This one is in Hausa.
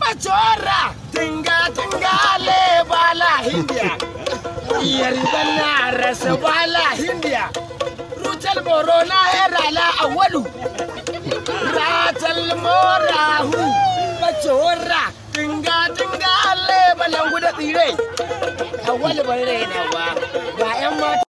Machorra, tinga tinga le bala hindia. bala rasa bala hindia. Rutal borona herala awalu. Ratal morahu. Machorra, tinga tinga le bala da tsire. Awalu bala na ba.